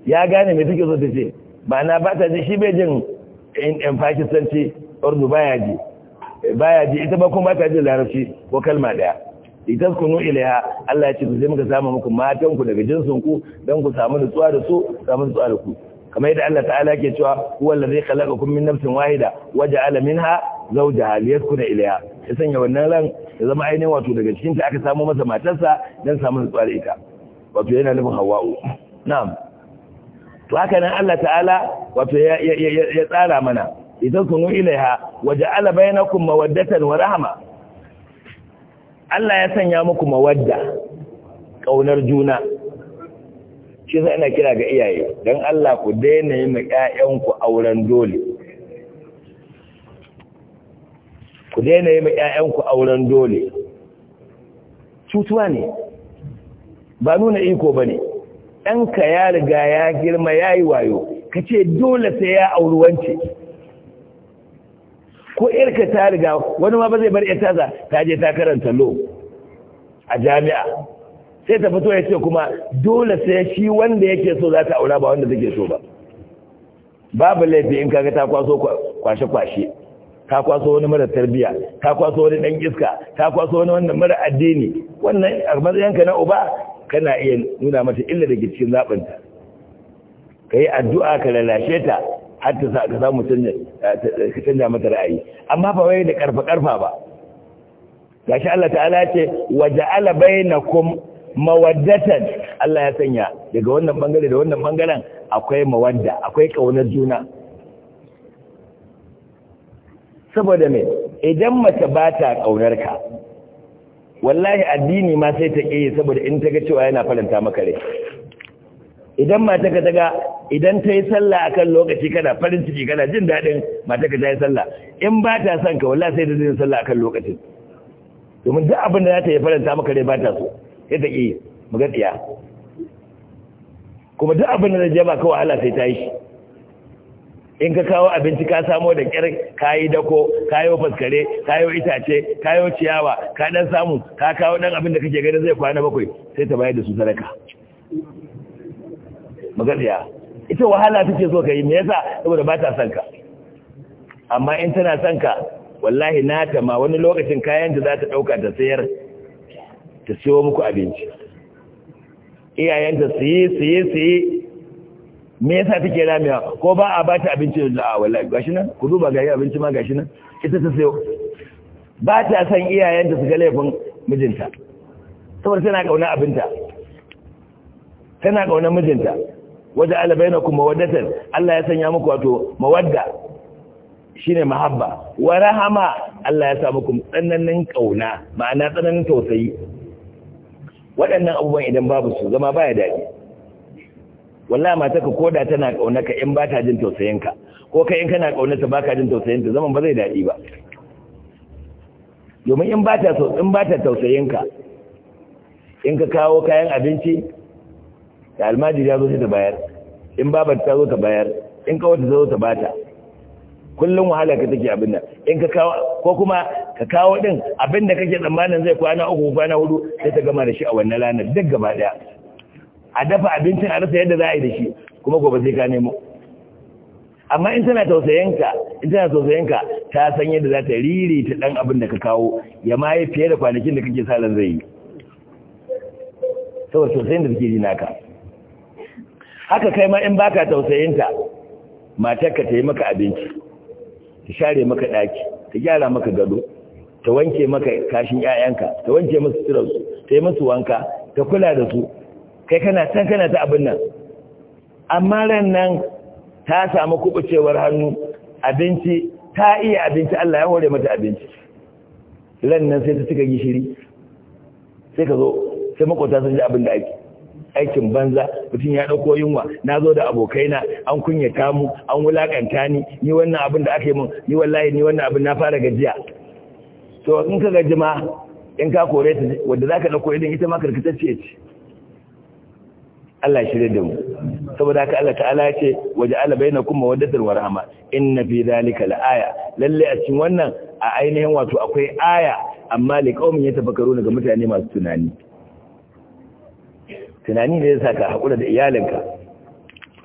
ya gane me take so ta ce ba na ba ta ji shi bai jin in pakistanci urdu baya ji baya ji ita ba kuma ba ta ji larabci ko kalma daya litaskunu ilaiha Allah ya ce ku sai muka samu muku matan ku daga jinsin ku dan ku samu nutsuwa da su samu nutsuwa da ku kamar yadda Allah ta'ala ke cewa huwa allazi khalaqakum min nafsin wahida waja'ala minha zawjaha liyaskuna ilayha ya sanya wannan ran ya zama ainihin wato daga cikin ta aka samu masa matarsa dan samu nutsuwa da ita wato yana nufin hawa'u na'am to haka nan Allah ta'ala wato ya tsara mana idan kunu ilaiha waja'ala bainakum mawaddatan wa rahma Allah ya sanya muku mawadda kaunar juna shi sai ina kira ga iyaye don Allah ku daina yi ma ƴaƴanku auren dole ku daina yi ma ƴaƴanku auren dole cutuwa ne ba nuna iko bane ɗanka ya riga ya girma ya yi wayo ka ce dole sai ya auri wance ko irka ta riga wani ma ba zai bar ita za ta je ta karanta lo a jami'a sai ta fito ya ce kuma dole sai shi wanda yake so za ta aura ba wanda take so ba babu laifi in kaga ta kwaso kwashe-kwashe ta kwaso wani mara tarbiya ta kwaso wani dan iska ta kwaso wani wanda mara addini wannan a ka na uba kana iya nuna mata illa da cikin zaɓinta ka yi addu'a ka lalashe ta har ta ka samu canja mata ra'ayi amma ba wai da karfa karfa ba gashi Allah ta'ala ce waje alabai na kum mawaddatan Allah ya sanya daga wannan bangare da wannan bangaren akwai mawadda akwai kaunar juna saboda me idan mace ba ta kaunar ka wallahi addini ma sai ta kiyi saboda in ta ga cewa yana faranta maka rai idan mata ka daga, idan ta yi sallah akan lokaci kana farin ciki kana jin daɗin mata ka ta yi sallah in ba ta son ka wallahi sai ta yi sallah akan lokacin domin duk abin da za ta yi faranta maka rai ba ta so yadda ke, magadiya kuma duk abin da jama kawai Allah sai ta yi shi in ka kawo abinci ka samo da kyar kayi dako kayo faskare kayo itace kayo ciyawa ka dan samu ka kawo dan abin da kake gani zai kwana bakwai sai ta bayar da su sadaka magadiya ita wahala take so kai me yasa saboda ba ta son ka amma in tana son ka wallahi ta ma wani lokacin kayan da za ta dauka ta sayar ta siyo muku abinci iyayenta siye siye siye me yasa take ramiya ko ba a bata abinci da a wallahi gashi nan ku duba ga abinci ma gashi nan ita ta sayo ba ta san iyayenta su ga laifin mijinta saboda tana kauna abinta tana kauna mijinta wajen alabaina ku mawaddatan Allah ya sanya muku wato mawadda shine mahabba wa rahama Allah ya sa muku tsananin kauna ma'ana tsananin tausayi waɗannan abubuwan idan babu su zama baya daɗi wallahi mata ka koda tana ka in ba ta jin tausayinka ko kai in kana kaunarta ba ka jin tausayinta zaman ba zai daɗi ba domin in ba ta in ba ta tausayinka in ka kawo kayan abinci da almajiri ya zo ta bayar in babar ta zo ta bayar in kawo ta zo ta bata kullum wahala ka take abin nan in ka kawo ko kuma ka kawo din abin da kake tsammanin zai kwana uku kwana hudu sai ta gama da shi a wannan ranar duk gaba daya a dafa abincin a rasa yadda za a yi da shi kuma gobe sai ka nemo amma in tana tausayinka in tana tausayinka ta san yadda za ta riri ta dan abin da ka kawo ya ma yi fiye da kwanakin da kake salan zai yi saboda tausayin da take ji naka haka kai ma in baka tausayinta matarka ta yi maka abinci ta share maka daki ta gyara maka gado ta wanke maka kashin ƴaƴanka ta wanke musu su ta yi musu wanka ta kula da su kai kana san kana ta abin nan amma ran nan ta samu kubucewar hannu abinci ta iya abinci Allah ya hore mata abinci ran nan sai ta cika gishiri sai ka zo sai makwata sun ji abin da ake aikin banza mutum ya ɗauko yunwa na zo da abokaina an kunya kamu an wulaƙanta ni ni wannan abin da aka yi min ni wallahi ni wannan abin na fara gajiya to in ka ga jima in ka kore ta wadda za ka ɗauko idan ita ma karkatacce ce Allah shirya da mu saboda haka Allah ta'ala ya ce waje ala baina kuma waddatar wa In inna fi zalika la'aya lalle a cikin wannan a ainihin wato akwai aya amma ya tafi karo ga mutane masu tunani tunani ne yasa ka hakura da iyalinka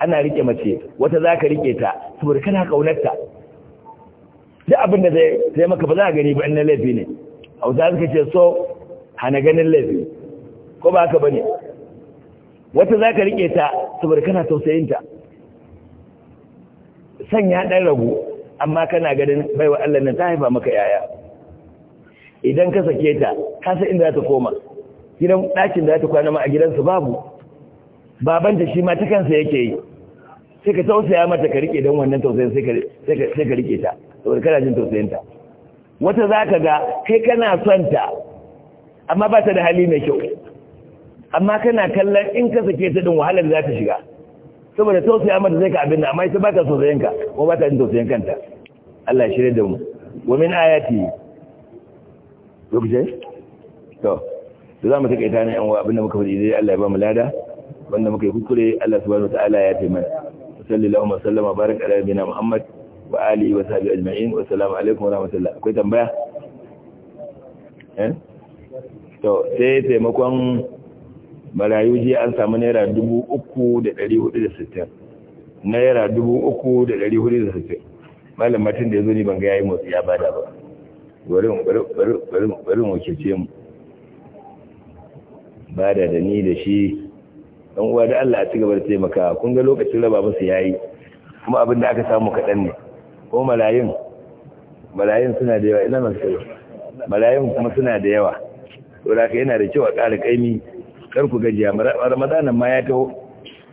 ana rike mace wata zaka rike ta saboda kana kaunarta duk abin da zai maka ba za a gani ba na laifi ne hausa suka ce so hana ganin laifi ko ba haka ba ne wata za ka riƙe ta saboda kana tausayin ta. sanya ɗan ragu amma kana ganin baiwa Allah nan ta haifa maka yaya idan ka sake ta ka san inda za ta koma gidan ɗakin da za ta kwana ma a gidansu babu Baban babanta shi ma ta kansa yake yi sai ka tausaya mata ka riƙe don wannan tausayin sai ka riƙe ta saboda kana jin tausayinta wata za ka ga kai kana son ta amma ba ta da hali mai kyau amma kana kallon in ka sake ta din wahalar za ta shiga saboda tausaya mata zai ka abin da amma ita ba ta tausayinka ka ko ba ta jin tausayin kanta Allah shirye da mu wa min ayati lokacin to da za mu take ita ne an wa abin da muka faɗi dai Allah ya ba mu lada wanda muka yi kukure, Allah subhanahu wa ta'ala ya taimaka sallallahu alaihi wa sallam barakallahu ala muhammad wa alihi wa sahbihi ajma'in wa assalamu alaikum wa rahmatullah akwai tambaya eh to sai taimakon marayu ji an samu naira 3460 naira 3460 malam matin da yazo ni ban ga yayi motsi ya bada ba bari bari bari bari mu kice mu bada da ni da shi dan uwa da Allah ya ci gaba da taimaka kun ga lokacin raba musu yayi kuma abin da aka samu kaɗan ne ko malayin malayin suna da yawa ina masu malayin kuma suna da yawa to da ka yana da cewa ƙara ƙaimi kar ku gajiya ramadana ma ya taho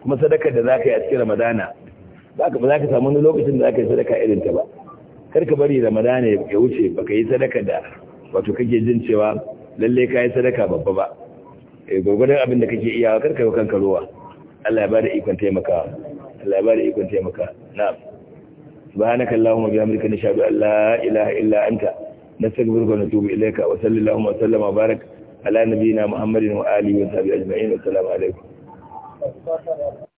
kuma sadaka da za ka yi a cikin ramadana ba ka za ka samu wani lokacin da za ka yi sadaka irin ta ba kar ka bari ramadana ya wuce ba ka yi sadaka da wato kake jin cewa lalle ka yi sadaka babba ba eh, gwargwadon abin da kake iyawa kar ka yi kanka ruwa Allah ya bada ikon taimaka Allah ya bada ikon taimaka na'am subhanaka allahumma bihamdika nashhadu an la ilaha illa anta nastaghfiruka wa natubu ilayka wa sallallahu wa sallama barak ala nabiyyina muhammadin wa alihi wa